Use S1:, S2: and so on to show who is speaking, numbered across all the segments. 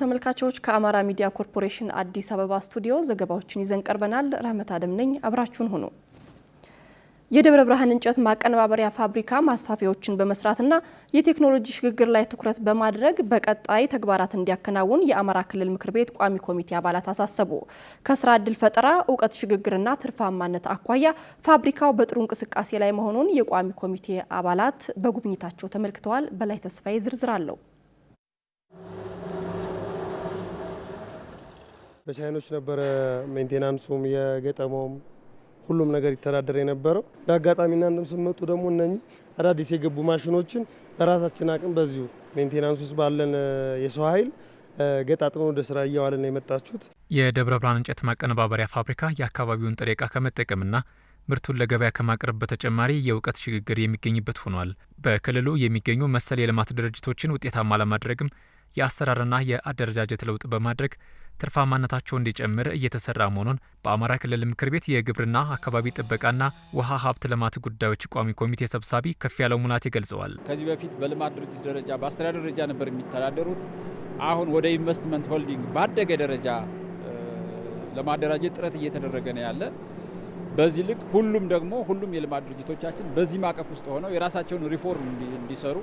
S1: ተመልካቾች ተመልካቾች ከአማራ ሚዲያ ኮርፖሬሽን አዲስ አበባ ስቱዲዮ ዘገባዎችን ይዘን ቀርበናል። ረህመት አደም ነኝ፣ አብራችሁን ሁኑ። የደብረ ብርሃን እንጨት ማቀነባበሪያ ፋብሪካ ማስፋፊያዎችን በመስራትና የቴክኖሎጂ ሽግግር ላይ ትኩረት በማድረግ በቀጣይ ተግባራት እንዲያከናውን የአማራ ክልል ምክር ቤት ቋሚ ኮሚቴ አባላት አሳሰቡ። ከስራ ዕድል ፈጠራ፣ እውቀት ሽግግርና ትርፋማነት አኳያ ፋብሪካው በጥሩ እንቅስቃሴ ላይ መሆኑን የቋሚ ኮሚቴ አባላት በጉብኝታቸው ተመልክተዋል። በላይ ተስፋዬ ዝርዝር አለው።
S2: በቻይኖች ነበረ ሜንቴናንሱም የገጠመውም ሁሉም ነገር ይተዳደር የነበረው ለአጋጣሚና እናንተም ስመጡ ደግሞ እነኚህ አዳዲስ የገቡ ማሽኖችን በራሳችን አቅም በዚሁ ሜንቴናንስ ውስጥ ባለን የሰው ኃይል ገጣጥመን ወደ ስራ እያዋለን የመጣችሁት።
S3: የደብረ ብርሃን እንጨት ማቀነባበሪያ ፋብሪካ የአካባቢውን ጥሬ ከመጠቀምና ምርቱን ለገበያ ከማቅረብ በተጨማሪ የእውቀት ሽግግር የሚገኝበት ሆኗል። በክልሉ የሚገኙ መሰል የልማት ድርጅቶችን ውጤታማ ለማድረግም የአሰራርና የአደረጃጀት ለውጥ በማድረግ ትርፋማነታቸው እንዲጨምር እየተሰራ መሆኑን በአማራ ክልል ምክር ቤት የግብርና አካባቢ ጥበቃና ውሃ ሀብት ልማት ጉዳዮች ቋሚ ኮሚቴ ሰብሳቢ ከፍ ያለው ሙላቴ ገልጸዋል።
S4: ከዚህ በፊት በልማት ድርጅት ደረጃ በአስተዳደር ደረጃ ነበር የሚተዳደሩት። አሁን ወደ ኢንቨስትመንት ሆልዲንግ ባደገ ደረጃ ለማደራጀት ጥረት እየተደረገ ነው ያለ። በዚህ ልክ ሁሉም ደግሞ ሁሉም የልማት ድርጅቶቻችን በዚህ ማዕቀፍ ውስጥ ሆነው የራሳቸውን ሪፎርም እንዲሰሩ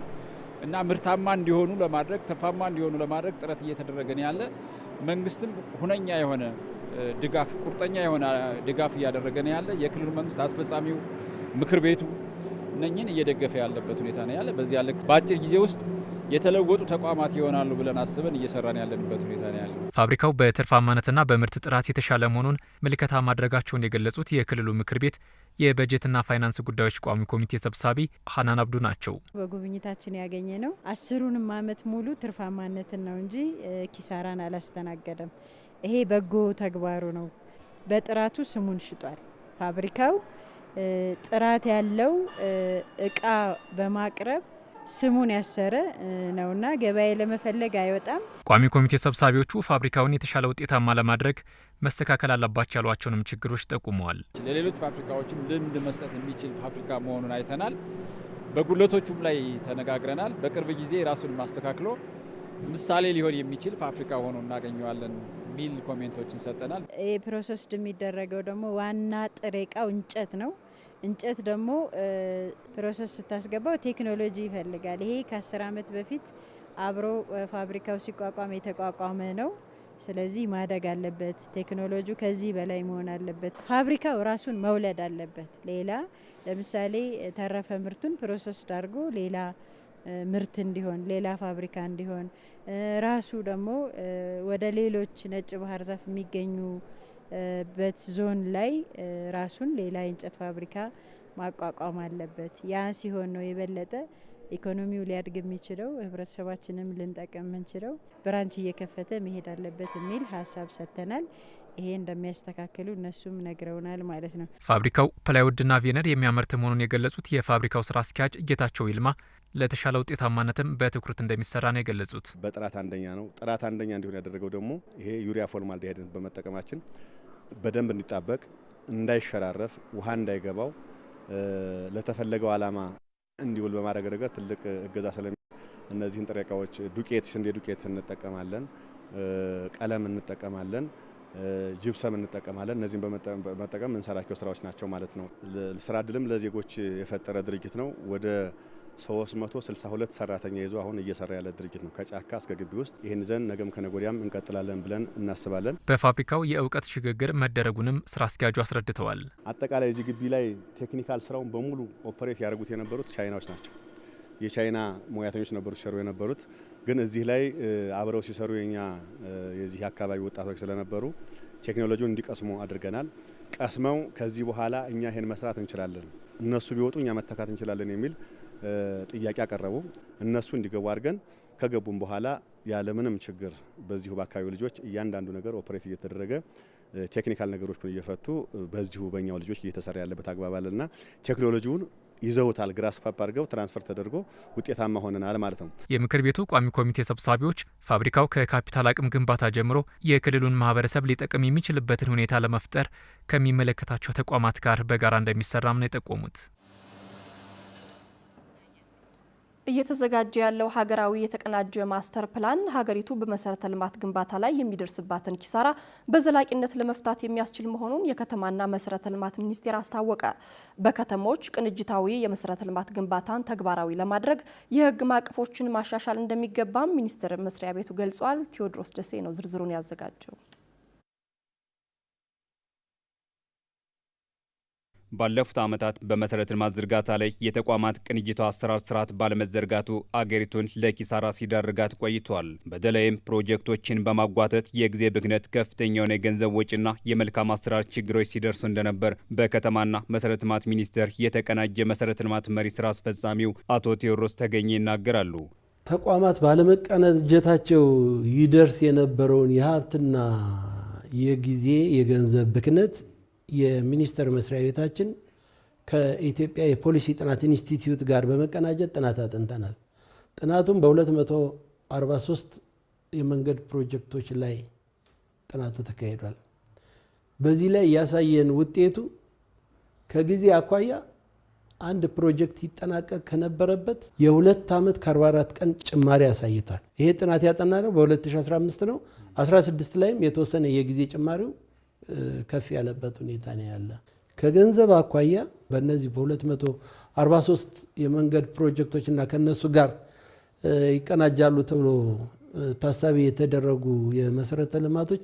S4: እና ምርታማ እንዲሆኑ ለማድረግ ትርፋማ እንዲሆኑ ለማድረግ ጥረት እየተደረገ ነው ያለ። መንግስትም ሁነኛ የሆነ ድጋፍ፣ ቁርጠኛ የሆነ ድጋፍ እያደረገ ነው ያለ። የክልሉ መንግስት፣ አስፈጻሚው፣ ምክር ቤቱ እነኝን እየደገፈ ያለበት ሁኔታ ነው ያለ። በዚህ ያለ በአጭር ጊዜ ውስጥ የተለወጡ ተቋማት ይሆናሉ ብለን አስበን እየሰራን ያለንበት ሁኔታ ነው ያለው።
S3: ፋብሪካው በትርፋማነትና በምርት ጥራት የተሻለ መሆኑን ምልከታ ማድረጋቸውን የገለጹት የክልሉ ምክር ቤት የበጀትና ፋይናንስ ጉዳዮች ቋሚ ኮሚቴ ሰብሳቢ ሀናን አብዱ ናቸው።
S5: በጉብኝታችን ያገኘ ነው አስሩንም አመት ሙሉ ትርፋማነትን ነው እንጂ ኪሳራን አላስተናገደም። ይሄ በጎ ተግባሩ ነው። በጥራቱ ስሙን ሽጧል ፋብሪካው ጥራት ያለው እቃ በማቅረብ ስሙን ያሰረ ነውና ገበያ ለመፈለግ አይወጣም።
S3: ቋሚ ኮሚቴ ሰብሳቢዎቹ ፋብሪካውን የተሻለ ውጤታማ ለማድረግ መስተካከል አለባቸው ያሏቸውንም ችግሮች ጠቁመዋል።
S6: ለሌሎች ፋብሪካዎችም ልምድ መስጠት የሚችል ፋብሪካ መሆኑን አይተናል። በጉለቶቹም ላይ ተነጋግረናል። በቅርብ ጊዜ ራሱን ማስተካክሎ ምሳሌ ሊሆን የሚችል ፋብሪካ ሆኖ እናገኘዋለን ሚል ኮሜንቶችን ሰጠናል።
S7: ይህ ፕሮሰስድ የሚደረገው ደግሞ ዋና ጥሬ እቃው እንጨት ነው። እንጨት ደግሞ ፕሮሰስ ስታስገባው ቴክኖሎጂ ይፈልጋል። ይሄ ከአስር ዓመት በፊት አብሮ ፋብሪካው ሲቋቋም የተቋቋመ ነው። ስለዚህ ማደግ አለበት። ቴክኖሎጂ ከዚህ በላይ መሆን አለበት። ፋብሪካው ራሱን መውለድ አለበት። ሌላ ለምሳሌ ተረፈ ምርቱን ፕሮሰስ ዳርጎ ሌላ ምርት እንዲሆን ሌላ ፋብሪካ እንዲሆን ራሱ ደግሞ ወደ ሌሎች ነጭ ባህር ዛፍ የሚገኙ በት ዞን ላይ ራሱን ሌላ የእንጨት ፋብሪካ ማቋቋም አለበት። ያ ሲሆን ነው የበለጠ ኢኮኖሚው ሊያድግ የሚችለው ህብረተሰባችንም ልንጠቅም የምንችለው ብራንች እየከፈተ መሄድ አለበት የሚል ሀሳብ ሰጥተናል። ይሄ እንደሚያስተካክሉ እነሱም ነግረውናል ማለት ነው።
S3: ፋብሪካው ፕላይውድና ቬነር የሚያመርት መሆኑን የገለጹት የፋብሪካው ስራ አስኪያጅ ጌታቸው ይልማ ለተሻለ ውጤታማነትም በትኩረት እንደሚሰራ ነው የገለጹት።
S8: በጥራት አንደኛ ነው። ጥራት አንደኛ እንዲሆን ያደረገው ደግሞ ይሄ ዩሪያ ፎርማልዲሃይድን በመጠቀማችን በደንብ እንዲጣበቅ እንዳይሸራረፍ፣ ውሃ እንዳይገባው ለተፈለገው ዓላማ እንዲውል በማድረግ ረገድ ትልቅ እገዛ ስለሚ እነዚህን ጥሬ እቃዎች ዱቄት፣ ስንዴ ዱቄት እንጠቀማለን፣ ቀለም እንጠቀማለን፣ ጅብሰም እንጠቀማለን። እነዚህን በመጠቀም የምንሰራቸው ስራዎች ናቸው ማለት ነው። ስራ እድልም ለዜጎች የፈጠረ ድርጅት ነው ወደ 362 ሰራተኛ ይዞ አሁን እየሰራ ያለ ድርጅት ነው። ከጫካ እስከ ግቢ ውስጥ ይህን ይዘን ነገም ከነጎዲያም እንቀጥላለን ብለን እናስባለን።
S3: በፋብሪካው የእውቀት ሽግግር መደረጉንም ስራ አስኪያጁ አስረድተዋል።
S8: አጠቃላይ እዚህ ግቢ ላይ ቴክኒካል ስራውን በሙሉ ኦፐሬት ያደርጉት የነበሩት ቻይናዎች ናቸው። የቻይና ሙያተኞች ነበሩ ሲሰሩ የነበሩት። ግን እዚህ ላይ አብረው ሲሰሩ የኛ የዚህ አካባቢ ወጣቶች ስለነበሩ ቴክኖሎጂውን እንዲቀስሙ አድርገናል። ቀስመው ከዚህ በኋላ እኛ ይህን መስራት እንችላለን፣ እነሱ ቢወጡ እኛ መተካት እንችላለን የሚል ጥያቄ አቀረቡ። እነሱ እንዲገቡ አድርገን ከገቡም በኋላ ያለምንም ችግር በዚሁ በአካባቢው ልጆች እያንዳንዱ ነገር ኦፕሬት እየተደረገ ቴክኒካል ነገሮችን እየፈቱ በዚሁ በእኛው ልጆች እየተሰራ ያለበት አግባብ አለና ቴክኖሎጂውን ይዘውታል ግራስ ፓፕ አድርገው ትራንስፈር ተደርጎ ውጤታማ ሆነናል ማለት ነው።
S3: የምክር ቤቱ ቋሚ ኮሚቴ ሰብሳቢዎች ፋብሪካው ከካፒታል አቅም ግንባታ ጀምሮ የክልሉን ማህበረሰብ ሊጠቅም የሚችልበትን ሁኔታ ለመፍጠር ከሚመለከታቸው ተቋማት ጋር በጋራ እንደሚሰራም ነው የጠቆሙት።
S1: እየተዘጋጀ ያለው ሀገራዊ የተቀናጀ ማስተር ፕላን ሀገሪቱ በመሰረተ ልማት ግንባታ ላይ የሚደርስባትን ኪሳራ በዘላቂነት ለመፍታት የሚያስችል መሆኑን የከተማና መሰረተ ልማት ሚኒስቴር አስታወቀ። በከተሞች ቅንጅታዊ የመሰረተ ልማት ግንባታን ተግባራዊ ለማድረግ የህግ ማዕቀፎችን ማሻሻል እንደሚገባም ሚኒስቴር መስሪያ ቤቱ ገልጿል። ቴዎድሮስ ደሴ ነው ዝርዝሩን ያዘጋጀው።
S3: ባለፉት ዓመታት በመሰረተ ልማት ዝርጋታ ላይ የተቋማት ቅንጅቱ አሰራር ስርዓት ባለመዘርጋቱ አገሪቱን ለኪሳራ ሲዳርጋት ቆይቷል። በተለይም ፕሮጀክቶችን በማጓተት የጊዜ ብክነት፣ ከፍተኛ የሆነ የገንዘብ ወጪና የመልካም አሰራር ችግሮች ሲደርሱ እንደነበር በከተማና መሰረተ ልማት ሚኒስቴር የተቀናጀ መሰረተ ልማት መሪ ስራ አስፈጻሚው አቶ ቴዎድሮስ ተገኘ ይናገራሉ።
S9: ተቋማት ባለመቀናጀታቸው ይደርስ የነበረውን የሀብትና የጊዜ የገንዘብ ብክነት የሚኒስቴር መስሪያ ቤታችን ከኢትዮጵያ የፖሊሲ ጥናት ኢንስቲትዩት ጋር በመቀናጀት ጥናት አጥንተናል። ጥናቱም በ243 የመንገድ ፕሮጀክቶች ላይ ጥናቱ ተካሂዷል። በዚህ ላይ ያሳየን ውጤቱ ከጊዜ አኳያ አንድ ፕሮጀክት ይጠናቀቅ ከነበረበት የሁለት ዓመት ከ44 ቀን ጭማሪ አሳይቷል። ይሄ ጥናት ያጠናነው በ2015 ነው። 16 ላይም የተወሰነ የጊዜ ጭማሪው ከፍ ያለበት ሁኔታ ነው ያለ። ከገንዘብ አኳያ በእነዚህ በ243 የመንገድ ፕሮጀክቶችና ከነሱ ጋር ይቀናጃሉ ተብሎ ታሳቢ የተደረጉ የመሰረተ ልማቶች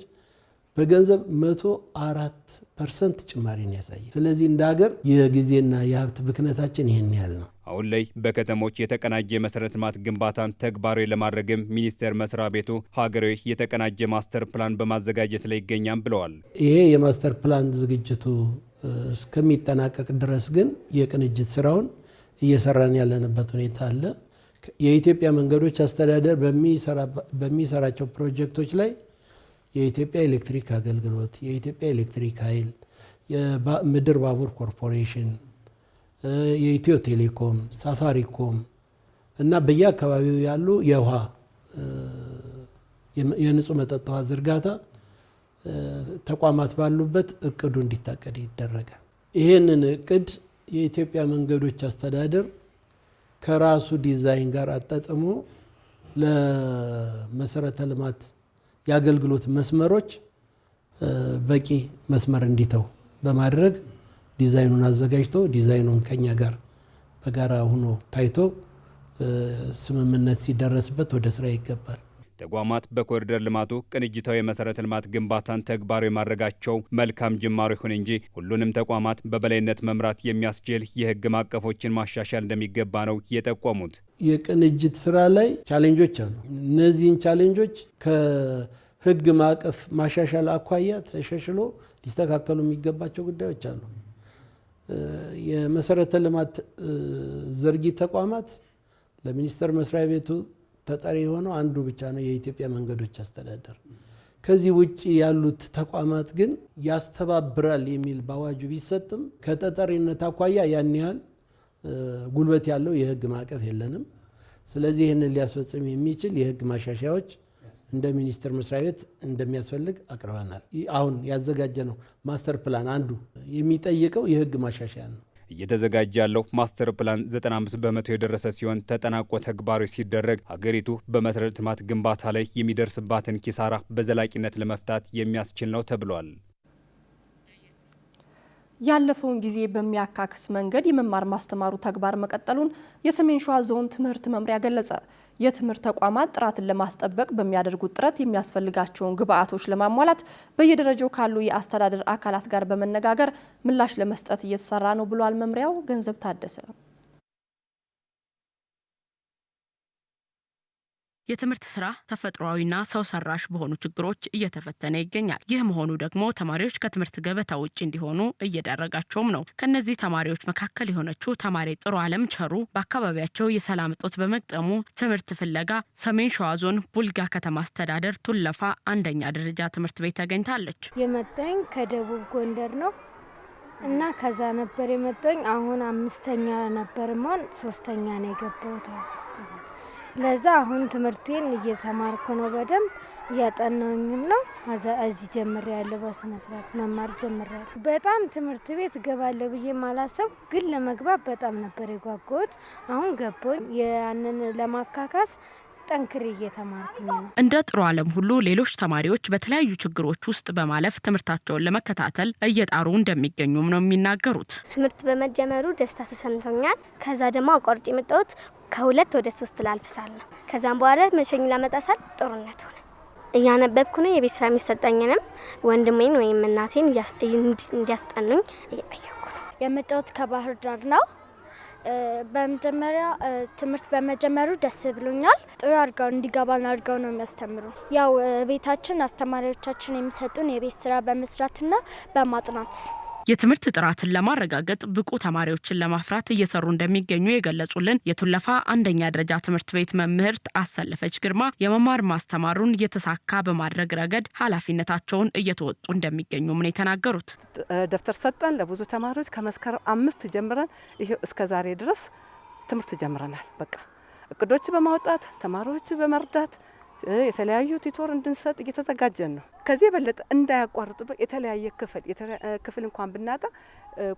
S9: በገንዘብ 104 ፐርሰንት ጭማሪ ነው ያሳየ። ስለዚህ እንደ ሀገር የጊዜና የሀብት ብክነታችን ይህን ያህል ነው።
S3: አሁን ላይ በከተሞች የተቀናጀ መሰረተ ልማት ግንባታን ተግባራዊ ለማድረግም ሚኒስቴር መስሪያ ቤቱ ሀገራዊ የተቀናጀ ማስተር ፕላን በማዘጋጀት ላይ ይገኛል ብለዋል።
S9: ይሄ የማስተር ፕላን ዝግጅቱ እስከሚጠናቀቅ ድረስ ግን የቅንጅት ስራውን እየሰራን ያለንበት ሁኔታ አለ። የኢትዮጵያ መንገዶች አስተዳደር በሚሰራቸው ፕሮጀክቶች ላይ የኢትዮጵያ ኤሌክትሪክ አገልግሎት፣ የኢትዮጵያ ኤሌክትሪክ ኃይል፣ የምድር ባቡር ኮርፖሬሽን የኢትዮ ቴሌኮም፣ ሳፋሪኮም እና በየአካባቢው ያሉ የውሃ የንጹህ መጠጥ ውሃ ዝርጋታ ተቋማት ባሉበት እቅዱ እንዲታቀድ ይደረጋል። ይህንን እቅድ የኢትዮጵያ መንገዶች አስተዳደር ከራሱ ዲዛይን ጋር አጣጥሞ ለመሰረተ ልማት የአገልግሎት መስመሮች በቂ መስመር እንዲተው በማድረግ ዲዛይኑን አዘጋጅቶ ዲዛይኑን ከኛ ጋር በጋራ ሆኖ ታይቶ ስምምነት ሲደረስበት ወደ ስራ ይገባል።
S3: ተቋማት በኮሪደር ልማቱ ቅንጅታዊ የመሰረተ ልማት ግንባታን ተግባራዊ ማድረጋቸው መልካም ጅማሮ ይሁን እንጂ ሁሉንም ተቋማት በበላይነት መምራት የሚያስችል የህግ ማቀፎችን ማሻሻል እንደሚገባ ነው የጠቆሙት።
S9: የቅንጅት ስራ ላይ ቻሌንጆች አሉ። እነዚህን ቻሌንጆች ከህግ ማዕቀፍ ማሻሻል አኳያ ተሻሽሎ ሊስተካከሉ የሚገባቸው ጉዳዮች አሉ። የመሰረተ ልማት ዘርጊ ተቋማት ለሚኒስቴር መስሪያ ቤቱ ተጠሪ የሆነው አንዱ ብቻ ነው፣ የኢትዮጵያ መንገዶች አስተዳደር። ከዚህ ውጭ ያሉት ተቋማት ግን ያስተባብራል የሚል በአዋጁ ቢሰጥም ከተጠሪነት አኳያ ያን ያህል ጉልበት ያለው የህግ ማዕቀፍ የለንም። ስለዚህ ይህንን ሊያስፈጽም የሚችል የህግ ማሻሻያዎች እንደ ሚኒስቴር መስሪያ ቤት እንደሚያስፈልግ አቅርበናል። አሁን ያዘጋጀ ነው ማስተር ፕላን አንዱ የሚጠይቀው የህግ ማሻሻያ ነው።
S3: እየተዘጋጀ ያለው ማስተር ፕላን 95 በመቶ የደረሰ ሲሆን ተጠናቆ ተግባራዊ ሲደረግ ሀገሪቱ በመሰረተ ልማት ግንባታ ላይ የሚደርስባትን ኪሳራ በዘላቂነት ለመፍታት የሚያስችል ነው ተብሏል።
S1: ያለፈውን ጊዜ በሚያካክስ መንገድ የመማር ማስተማሩ ተግባር መቀጠሉን የሰሜን ሸዋ ዞን ትምህርት መምሪያ ገለጸ። የትምህርት ተቋማት ጥራትን ለማስጠበቅ በሚያደርጉት ጥረት የሚያስፈልጋቸውን ግብዓቶች ለማሟላት በየደረጃው ካሉ የአስተዳደር አካላት ጋር በመነጋገር ምላሽ ለመስጠት እየተሰራ ነው ብሏል መምሪያው። ገንዘብ ታደሰ የትምህርት ስራ ተፈጥሯዊና ሰው ሰራሽ በሆኑ ችግሮች እየተፈተነ ይገኛል። ይህ መሆኑ ደግሞ ተማሪዎች ከትምህርት ገበታ ውጭ እንዲሆኑ እየዳረጋቸውም ነው። ከእነዚህ ተማሪዎች መካከል የሆነችው ተማሪ ጥሩ አለም ቸሩ በአካባቢያቸው የሰላም እጦት በመግጠሙ ትምህርት ፍለጋ ሰሜን ሸዋ ዞን ቡልጋ ከተማ አስተዳደር ቱለፋ አንደኛ ደረጃ ትምህርት ቤት ተገኝታለች።
S10: የመጣኝ ከደቡብ ጎንደር ነው እና ከዛ ነበር የመጣኝ። አሁን አምስተኛ ነበር መሆን ሶስተኛ ነው የገባሁት ለዛ አሁን ትምህርቴን እየተማርኩ ነው፣ በደንብ እያጠናኝም ነው። እዚህ ጀምር ያለው በስነ ስርዓት መማር ጀምር ያለው በጣም ትምህርት ቤት እገባለሁ ብዬ ማላሰብ ግን ለመግባት በጣም ነበር የጓጓሁት። አሁን ገባኝ። ያንን ለማካካስ ጠንክሬ እየተማርኩኝ ነው።
S1: እንደ ጥሩ አለም ሁሉ ሌሎች ተማሪዎች በተለያዩ ችግሮች ውስጥ በማለፍ ትምህርታቸውን ለመከታተል እየጣሩ እንደሚገኙም ነው የሚናገሩት።
S11: ትምህርት በመጀመሩ ደስታ ተሰምቶኛል። ከዛ ደግሞ አቋርጬ የመጣሁት ከሁለት ወደ ሶስት ላልፍሳል ነው። ከዛም በኋላ መሸኝ ላመጣሳል ጦርነት ሆነ። እያነበብኩ ነው። የቤት ስራ የሚሰጠኝንም ወንድሜን ወይም እናቴን እንዲያስጠኑኝ እየጠየኩ ነው።
S12: የመጣሁት ከባህር ዳር ነው። በመጀመሪያ ትምህርት በመጀመሩ ደስ ብሎኛል። ጥሩ አድርገው እንዲገባን አድርገው ነው የሚያስተምሩ። ያው ቤታችን አስተማሪዎቻችን የሚሰጡን የቤት ስራ በመስራትና በማጥናት
S1: የትምህርት ጥራትን ለማረጋገጥ ብቁ ተማሪዎችን ለማፍራት እየሰሩ እንደሚገኙ የገለጹልን የቱለፋ አንደኛ ደረጃ ትምህርት ቤት መምህርት አሰለፈች ግርማ የመማር ማስተማሩን የተሳካ በማድረግ ረገድ ኃላፊነታቸውን እየተወጡ እንደሚገኙም ነው የተናገሩት።
S13: ደብተር ሰጠን ለብዙ ተማሪዎች ከመስከረም አምስት ጀምረን ይሄው እስከ ዛሬ ድረስ ትምህርት ጀምረናል። በቃ እቅዶች በማውጣት ተማሪዎች በመርዳት የተለያዩ ቲቶር እንድንሰጥ እየተዘጋጀን ነው። ከዚህ የበለጠ እንዳያቋርጡበት የተለያየ ክፍል ክፍል እንኳን ብናጣ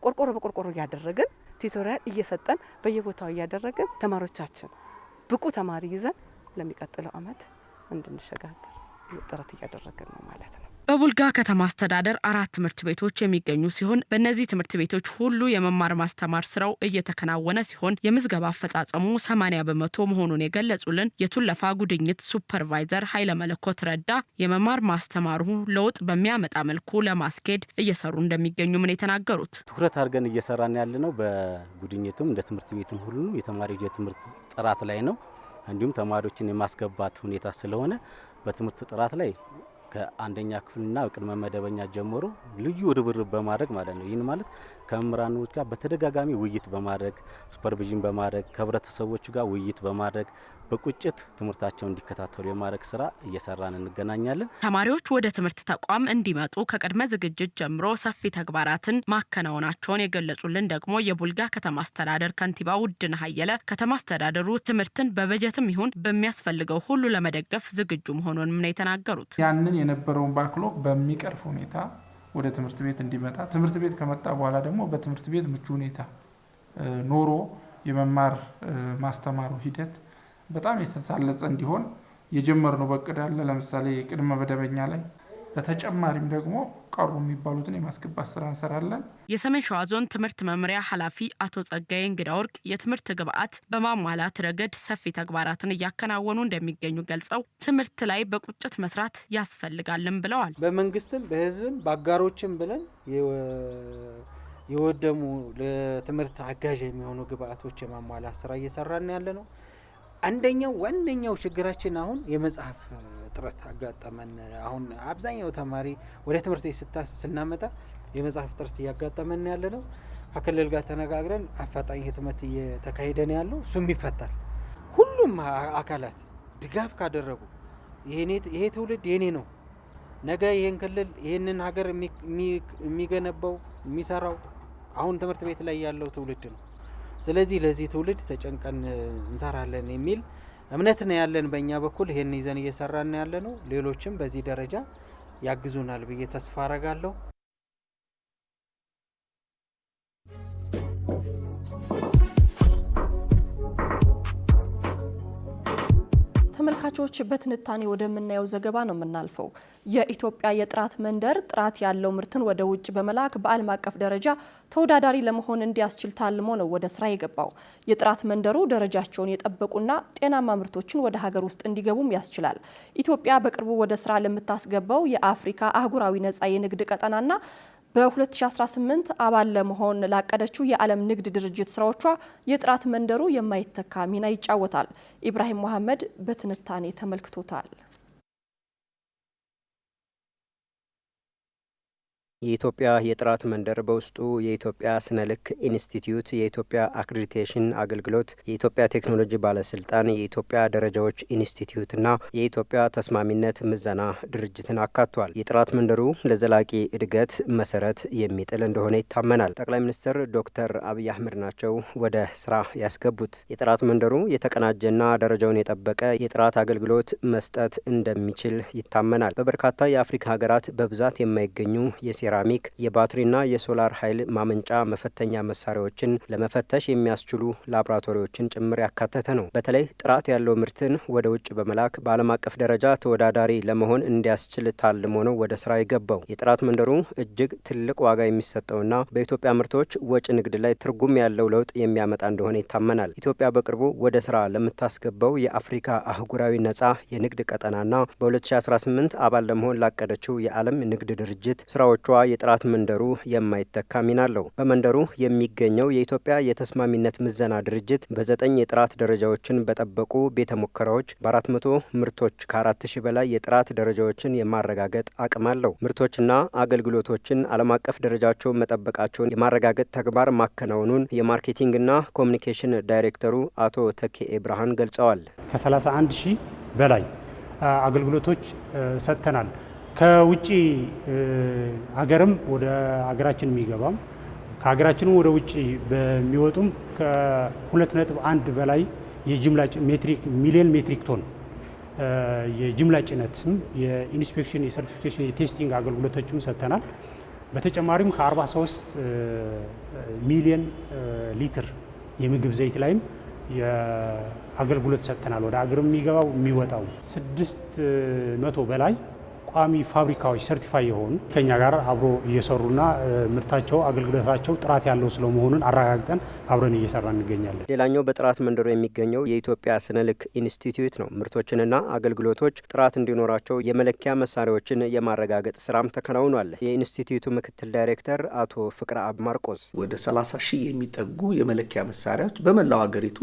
S13: ቆርቆሮ በቆርቆሮ እያደረግን ቲቶሪያል እየሰጠን በየቦታው እያደረግን ተማሪዎቻችን ብቁ ተማሪ ይዘን ለሚቀጥለው ዓመት እንድንሸጋገር ጥረት እያደረግን ነው ማለት ነው።
S1: በቡልጋ ከተማ አስተዳደር አራት ትምህርት ቤቶች የሚገኙ ሲሆን በእነዚህ ትምህርት ቤቶች ሁሉ የመማር ማስተማር ስራው እየተከናወነ ሲሆን የምዝገባ አፈጻጸሙ 80 በመቶ መሆኑን የገለጹልን የቱለፋ ጉድኝት ሱፐርቫይዘር ኃይለ መለኮት ረዳ የመማር ማስተማሩ ለውጥ በሚያመጣ መልኩ ለማስኬድ እየሰሩ እንደሚገኙ ምን የተናገሩት
S14: ትኩረት አድርገን እየሰራን ያለ ነው። በጉድኝቱም እንደ ትምህርት ቤቱም ሁሉ የተማሪ የትምህርት ጥራት ላይ ነው። እንዲሁም ተማሪዎችን የማስገባት ሁኔታ ስለሆነ በትምህርት ጥራት ላይ ከአንደኛ ክፍልና ቅድመ መደበኛ ጀምሮ ልዩ ርብርብ በማድረግ ማለት ነው። ይህን ማለት ከመምህራኖች ጋር በተደጋጋሚ ውይይት በማድረግ ሱፐርቪዥን በማድረግ ከህብረተሰቦቹ ጋር ውይይት በማድረግ በቁጭት ትምህርታቸውን እንዲከታተሉ የማድረግ ስራ እየሰራን እንገናኛለን።
S1: ተማሪዎች ወደ ትምህርት ተቋም እንዲመጡ ከቅድመ ዝግጅት ጀምሮ ሰፊ ተግባራትን ማከናወናቸውን የገለጹልን ደግሞ የቡልጋ ከተማ አስተዳደር ከንቲባ ውድነህ ሀየለ ከተማ አስተዳደሩ ትምህርትን በበጀትም ይሁን በሚያስፈልገው ሁሉ ለመደገፍ ዝግጁ መሆኑንም ነው የተናገሩት።
S15: ያንን የነበረውን ባክሎ በሚቀርፍ ሁኔታ ወደ ትምህርት ቤት እንዲመጣ ትምህርት ቤት ከመጣ በኋላ ደግሞ በትምህርት ቤት ምቹ ሁኔታ ኖሮ የመማር ማስተማሩ ሂደት በጣም የተሳለጸ እንዲሆን የጀመርነው በቅድ አለ። ለምሳሌ የቅድመ መደበኛ ላይ በተጨማሪም ደግሞ ቀሩ የሚባሉትን የማስገባት ስራ እንሰራለን።
S1: የሰሜን ሸዋ ዞን ትምህርት መምሪያ ኃላፊ አቶ ጸጋዬ እንግዳ ወርቅ የትምህርት ግብዓት በማሟላት ረገድ ሰፊ ተግባራትን እያከናወኑ እንደሚገኙ ገልጸው ትምህርት ላይ በቁጭት መስራት ያስፈልጋልን ብለዋል።
S16: በመንግስትም በህዝብም በአጋሮችም ብለን የወደሙ ለትምህርት አጋዥ የሚሆኑ ግብዓቶች የማሟላት ስራ እየሰራን ያለ ነው። አንደኛው ዋነኛው ችግራችን አሁን የመጽሐፍ እጥረት አጋጠመን። አሁን አብዛኛው ተማሪ ወደ ትምህርት ቤት ስናመጣ የመጽሐፍ እጥረት እያጋጠመን ያለ ነው። ከክልል ጋር ተነጋግረን አፋጣኝ ህትመት እየተካሄደ ነው ያለው። እሱም ይፈታል። ሁሉም አካላት ድጋፍ ካደረጉ ይሄ ትውልድ የኔ ነው። ነገ ይህን ክልል ይህንን ሀገር የሚገነባው የሚሰራው አሁን ትምህርት ቤት ላይ ያለው ትውልድ ነው። ስለዚህ ለዚህ ትውልድ ተጨንቀን እንሰራለን የሚል እምነት ነው ያለን በእኛ በኩል ይህን ይዘን እየሰራን ያለ ነው። ሌሎችም በዚህ ደረጃ ያግዙናል ብዬ ተስፋ አረጋለሁ።
S1: ተመልካቾች በትንታኔ ወደምናየው ዘገባ ነው የምናልፈው። የኢትዮጵያ የጥራት መንደር ጥራት ያለው ምርትን ወደ ውጭ በመላክ በዓለም አቀፍ ደረጃ ተወዳዳሪ ለመሆን እንዲያስችል ታልሞ ነው ወደ ስራ የገባው። የጥራት መንደሩ ደረጃቸውን የጠበቁና ጤናማ ምርቶችን ወደ ሀገር ውስጥ እንዲገቡም ያስችላል። ኢትዮጵያ በቅርቡ ወደ ስራ ለምታስገባው የአፍሪካ አህጉራዊ ነጻ የንግድ ቀጠናና በ2018 አባል ለመሆን ላቀደችው የዓለም ንግድ ድርጅት ስራዎቿ የጥራት መንደሩ የማይተካ ሚና ይጫወታል። ኢብራሂም መሐመድ በትንታኔ ተመልክቶታል።
S17: የኢትዮጵያ የጥራት መንደር በውስጡ የኢትዮጵያ ስነ ልክ ኢንስቲትዩት፣ የኢትዮጵያ አክሬዲቴሽን አገልግሎት፣ የኢትዮጵያ ቴክኖሎጂ ባለስልጣን፣ የኢትዮጵያ ደረጃዎች ኢንስቲትዩትና የኢትዮጵያ ተስማሚነት ምዘና ድርጅትን አካቷል። የጥራት መንደሩ ለዘላቂ እድገት መሰረት የሚጥል እንደሆነ ይታመናል። ጠቅላይ ሚኒስትር ዶክተር አብይ አህመድ ናቸው ወደ ስራ ያስገቡት። የጥራት መንደሩ የተቀናጀና ደረጃውን የጠበቀ የጥራት አገልግሎት መስጠት እንደሚችል ይታመናል። በበርካታ የአፍሪካ ሀገራት በብዛት የማይገኙ የሴ ሴራሚክ፣ የባትሪና የሶላር ኃይል ማመንጫ መፈተኛ መሳሪያዎችን ለመፈተሽ የሚያስችሉ ላቦራቶሪዎችን ጭምር ያካተተ ነው። በተለይ ጥራት ያለው ምርትን ወደ ውጭ በመላክ በዓለም አቀፍ ደረጃ ተወዳዳሪ ለመሆን እንዲያስችል ታልሞ ነው ወደ ስራ የገባው። የጥራት መንደሩ እጅግ ትልቅ ዋጋ የሚሰጠውና በኢትዮጵያ ምርቶች ወጪ ንግድ ላይ ትርጉም ያለው ለውጥ የሚያመጣ እንደሆነ ይታመናል። ኢትዮጵያ በቅርቡ ወደ ስራ ለምታስገባው የአፍሪካ አህጉራዊ ነጻ የንግድ ቀጠናና በ2018 አባል ለመሆን ላቀደችው የዓለም ንግድ ድርጅት ስራዎቿ ሸዋ የጥራት መንደሩ የማይተካ ሚና አለው። በመንደሩ የሚገኘው የኢትዮጵያ የተስማሚነት ምዘና ድርጅት በዘጠኝ የጥራት ደረጃዎችን በጠበቁ ቤተ ሙከራዎች በአራት መቶ ምርቶች ከአራት ሺህ በላይ የጥራት ደረጃዎችን የማረጋገጥ አቅም አለው። ምርቶችና አገልግሎቶችን ዓለም አቀፍ ደረጃቸውን መጠበቃቸውን የማረጋገጥ ተግባር ማከናወኑን የማርኬቲንግና ኮሚኒኬሽን ዳይሬክተሩ አቶ ተኬኤ ብርሃን ገልጸዋል።
S18: ከ31 ሺህ በላይ አገልግሎቶች ሰጥተናል። ከውጭ ሀገርም ወደ ሀገራችን የሚገባም ከሀገራችንም ወደ ውጭ በሚወጡም ከሁለት ነጥብ አንድ በላይ የጅምላ ሜትሪክ ሚሊዮን ሜትሪክ ቶን የጅምላ ጭነትም የኢንስፔክሽን የሰርቲፊኬሽን የቴስቲንግ አገልግሎቶችም ሰጥተናል። በተጨማሪም ከ43 ሚሊዮን ሊትር የምግብ ዘይት ላይም አገልግሎት ሰጥተናል። ወደ ሀገርም የሚገባው የሚወጣው ስድስት መቶ በላይ ቋሚ ፋብሪካዎች ሰርቲፋይ የሆኑ ከኛ ጋር አብሮ እየሰሩና ምርታቸው፣ አገልግሎታቸው ጥራት ያለው ስለመሆኑን አረጋግጠን አብረን እየሰራ እንገኛለን።
S17: ሌላኛው በጥራት መንደሮ የሚገኘው የኢትዮጵያ ስነ ልክ ኢንስቲትዩት ነው። ምርቶችንና አገልግሎቶች ጥራት እንዲኖራቸው የመለኪያ መሳሪያዎችን የማረጋገጥ ስራም ተከናውኗል። የኢንስቲትዩቱ ምክትል ዳይሬክተር አቶ ፍቅረ አብ ማርቆስ
S19: ወደ 30 ሺህ የሚጠጉ የመለኪያ መሳሪያዎች በመላው ሀገሪቱ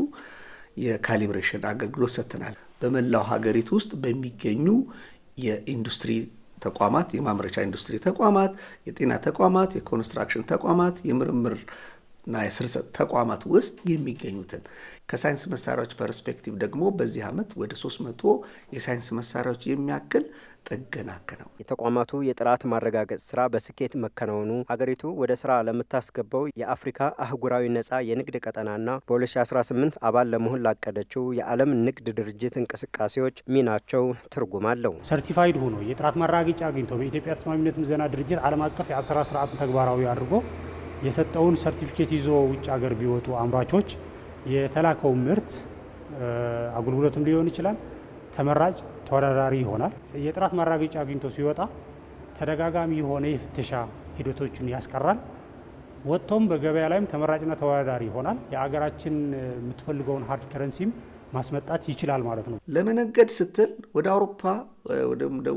S19: የካሊብሬሽን አገልግሎት ሰጥተናል። በመላው ሀገሪቱ ውስጥ በሚገኙ የኢንዱስትሪ ተቋማት፣ የማምረቻ ኢንዱስትሪ ተቋማት፣ የጤና ተቋማት፣ የኮንስትራክሽን ተቋማት፣ የምርምር እና የስር ተቋማት ውስጥ የሚገኙትን ከሳይንስ መሳሪያዎች ፐርስፔክቲቭ ደግሞ በዚህ ዓመት ወደ 300 የሳይንስ መሳሪያዎች የሚያክል ጥገና ነው።
S17: የተቋማቱ የጥራት ማረጋገጥ ስራ በስኬት መከናወኑ ሀገሪቱ ወደ ስራ ለምታስገባው የአፍሪካ አህጉራዊ ነጻ የንግድ ቀጠናና በ2018 አባል ለመሆን ላቀደችው የዓለም ንግድ ድርጅት እንቅስቃሴዎች ሚናቸው ትርጉም አለው።
S18: ሰርቲፋይድ ሆኖ የጥራት ማረጋገጫ አግኝቶ በኢትዮጵያ ተስማሚነት ምዘና ድርጅት ዓለም አቀፍ የአሰራር ስርዓቱን ተግባራዊ አድርጎ የሰጠውን ሰርቲፊኬት ይዞ ውጭ ሀገር ቢወጡ አምራቾች የተላከው ምርት አገልግሎትም ሊሆን ይችላል ተመራጭ ተወዳዳሪ ይሆናል። የጥራት ማራገጫ አግኝቶ ሲወጣ ተደጋጋሚ የሆነ የፍተሻ ሂደቶችን ያስቀራል። ወጥቶም በገበያ ላይም ተመራጭና ተወዳዳሪ ይሆናል። የሀገራችን የምትፈልገውን ሀርድ ከረንሲም ማስመጣት ይችላል ማለት ነው።
S19: ለመነገድ ስትል ወደ አውሮፓ፣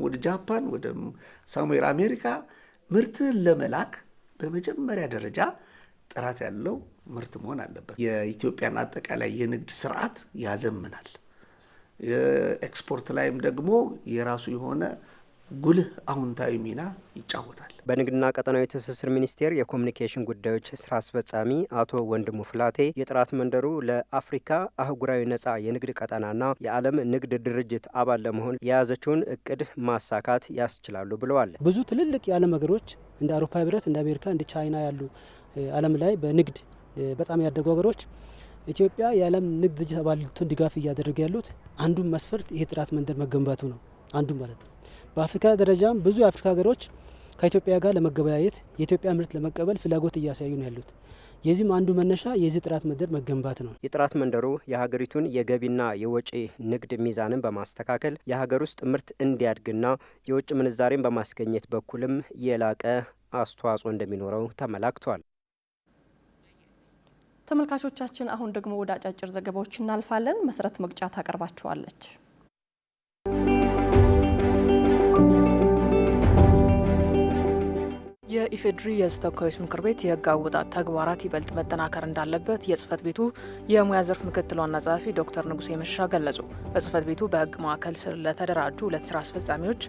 S19: ወደ ጃፓን፣ ወደ ሳሙኤል አሜሪካ ምርትህን ለመላክ በመጀመሪያ ደረጃ ጥራት ያለው ምርት መሆን አለበት። የኢትዮጵያን አጠቃላይ የንግድ ስርዓት ያዘምናል። ኤክስፖርት ላይም ደግሞ የራሱ የሆነ ጉልህ አውንታዊ ሚና ይጫወታል።
S17: በንግድና ቀጠናዊ ትስስር ሚኒስቴር የኮሚኒኬሽን ጉዳዮች ስራ አስፈጻሚ አቶ ወንድሙ ፍላቴ የጥራት መንደሩ ለአፍሪካ አህጉራዊ ነጻ የንግድ ቀጠናና የዓለም ንግድ ድርጅት አባል ለመሆን የያዘችውን እቅድ ማሳካት ያስችላሉ ብለዋል።
S18: ብዙ ትልልቅ የዓለም ሀገሮች እንደ አውሮፓ ህብረት፣ እንደ አሜሪካ፣ እንደ ቻይና ያሉ ዓለም ላይ በንግድ በጣም ያደጉ ሀገሮች ኢትዮጵያ የዓለም ንግድ ድርጅት አባል ልትሆን ድጋፍ እያደረገ ያሉት አንዱን መስፈርት ይሄ ጥራት መንደር መገንባቱ ነው። አንዱ ማለት ነው። በአፍሪካ ደረጃም ብዙ የአፍሪካ ሀገሮች ከኢትዮጵያ ጋር ለመገበያየት የኢትዮጵያ ምርት ለመቀበል ፍላጎት እያሳዩ ነው ያሉት። የዚህም አንዱ መነሻ የዚህ ጥራት መንደር መገንባት ነው።
S17: የጥራት መንደሩ የሀገሪቱን የገቢና የወጪ ንግድ ሚዛንን በማስተካከል የሀገር ውስጥ ምርት እንዲያድግና የውጭ ምንዛሬን በማስገኘት በኩልም የላቀ አስተዋጽኦ እንደሚኖረው ተመላክቷል።
S1: ተመልካቾቻችን፣ አሁን ደግሞ ወደ አጫጭር ዘገባዎች እናልፋለን። መሰረት መግጫ ታቀርባችኋለች። የኢፌድሪ የሕዝብ ተወካዮች ምክር ቤት የህግ አወጣት ተግባራት ይበልጥ መጠናከር እንዳለበት የጽህፈት ቤቱ የሙያ ዘርፍ ምክትል ዋና ጸሐፊ ዶክተር ንጉሴ መሻ ገለጹ። በጽህፈት ቤቱ በህግ ማዕከል ስር ለተደራጁ ሁለት ስራ አስፈጻሚዎች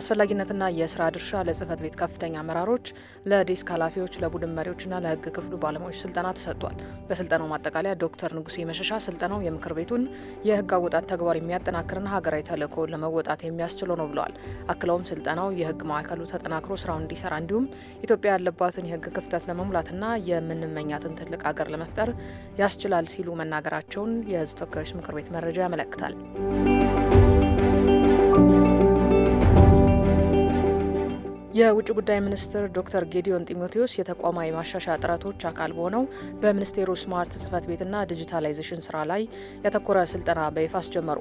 S1: አስፈላጊነትና የስራ ድርሻ ለጽህፈት ቤት ከፍተኛ አመራሮች፣ ለዴስክ ኃላፊዎች፣ ለቡድን መሪዎችና ለህግ ክፍሉ ባለሙያዎች ስልጠና ተሰጥቷል። በስልጠናው ማጠቃለያ ዶክተር ንጉሴ መሸሻ ስልጠናው የምክር ቤቱን የህግ አወጣት ተግባር የሚያጠናክርና ሀገራዊ ተልእኮ ለመወጣት የሚያስችለው ነው ብለዋል። አክለውም ስልጠናው የህግ ማዕከሉ ተጠናክሮ ስራውን እንዲሰራ እንዲሁም ኢትዮጵያ ያለባትን የህግ ክፍተት ለመሙላትና የምንመኛትን ትልቅ አገር ለመፍጠር ያስችላል ሲሉ መናገራቸውን የህዝብ ተወካዮች ምክር ቤት መረጃ ያመለክታል። የውጭ ጉዳይ ሚኒስትር ዶክተር ጌዲዮን ጢሞቴዎስ የተቋማዊ ማሻሻያ ጥረቶች አካል በሆነው በሚኒስቴሩ ስማርት ጽህፈት ቤትና ዲጂታላይዜሽን ስራ ላይ ያተኮረ ስልጠና በይፋ አስጀመሩ።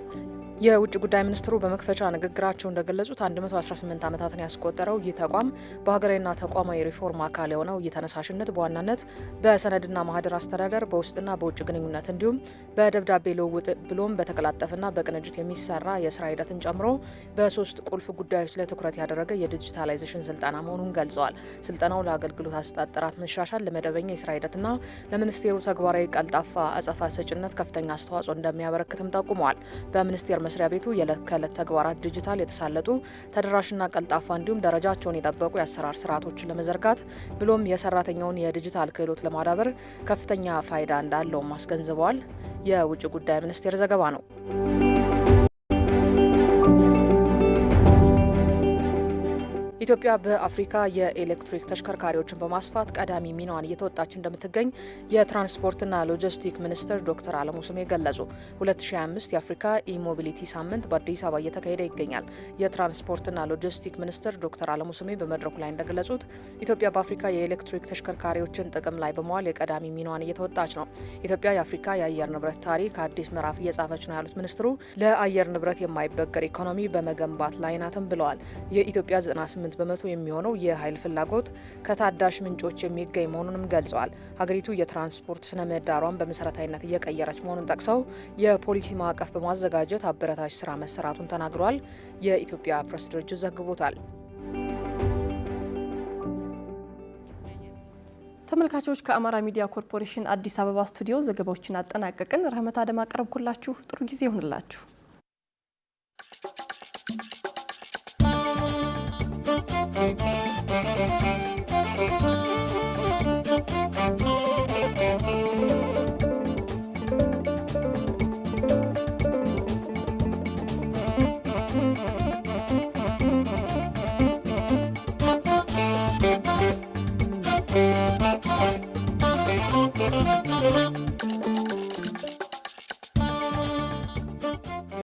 S1: የውጭ ጉዳይ ሚኒስትሩ በመክፈቻ ንግግራቸው እንደገለጹት 118 ዓመታትን ያስቆጠረው ይህ ተቋም በሀገራዊና ተቋማዊ ሪፎርም አካል የሆነው ይህ ተነሳሽነት በዋናነት በሰነድና ማህደር አስተዳደር፣ በውስጥና በውጭ ግንኙነት እንዲሁም በደብዳቤ ልውውጥ ብሎም በተቀላጠፈና በቅንጅት የሚሰራ የስራ ሂደትን ጨምሮ በሶስት ቁልፍ ጉዳዮች ላይ ትኩረት ያደረገ የዲጂታላይዜሽን ስልጠና መሆኑን ገልጸዋል። ስልጠናው ለአገልግሎት አሰጣጥ ጥራት መሻሻል፣ ለመደበኛ የስራ ሂደትና ለሚኒስቴሩ ተግባራዊ ቀልጣፋ አጸፋ ሰጭነት ከፍተኛ አስተዋጽኦ እንደሚያበረክትም ጠቁመዋል። በሚኒስቴር መስሪያ ቤቱ የዕለት ከዕለት ተግባራት ዲጂታል የተሳለጡ ተደራሽና ቀልጣፋ እንዲሁም ደረጃቸውን የጠበቁ የአሰራር ስርዓቶችን ለመዘርጋት ብሎም የሰራተኛውን የዲጂታል ክህሎት ለማዳበር ከፍተኛ ፋይዳ እንዳለውም አስገንዝበዋል። የውጭ ጉዳይ ሚኒስቴር ዘገባ ነው። ኢትዮጵያ በአፍሪካ የኤሌክትሪክ ተሽከርካሪዎችን በማስፋት ቀዳሚ ሚናዋን እየተወጣች እንደምትገኝ የትራንስፖርትና ሎጂስቲክ ሚኒስትር ዶክተር አለሙ ስሜ ገለጹ። 2025 የአፍሪካ ኢሞቢሊቲ ሳምንት በአዲስ አበባ እየተካሄደ ይገኛል። የትራንስፖርትና ሎጂስቲክ ሚኒስትር ዶክተር አለሙ ስሜ በመድረኩ ላይ እንደገለጹት ኢትዮጵያ በአፍሪካ የኤሌክትሪክ ተሽከርካሪዎችን ጥቅም ላይ በመዋል የቀዳሚ ሚናዋን እየተወጣች ነው። ኢትዮጵያ የአፍሪካ የአየር ንብረት ታሪክ አዲስ ምዕራፍ እየጻፈች ነው ያሉት ሚኒስትሩ ለአየር ንብረት የማይበገር ኢኮኖሚ በመገንባት ላይ ናትም ብለዋል። የኢትዮጵያ 98 ስምንት በመቶ የሚሆነው የኃይል ፍላጎት ከታዳሽ ምንጮች የሚገኝ መሆኑንም ገልጸዋል። ሀገሪቱ የትራንስፖርት ስነ ምህዳሯን በመሰረታዊነት እየቀየረች መሆኑን ጠቅሰው የፖሊሲ ማዕቀፍ በማዘጋጀት አበረታች ስራ መሰራቱን ተናግረዋል። የኢትዮጵያ ፕሬስ ድርጅት ዘግቦታል። ተመልካቾች ከአማራ ሚዲያ ኮርፖሬሽን አዲስ አበባ ስቱዲዮ ዘገባዎችን አጠናቀቅን። ረህመት አደም አቀረብኩላችሁ። ጥሩ ጊዜ ይሁንላችሁ። Bye.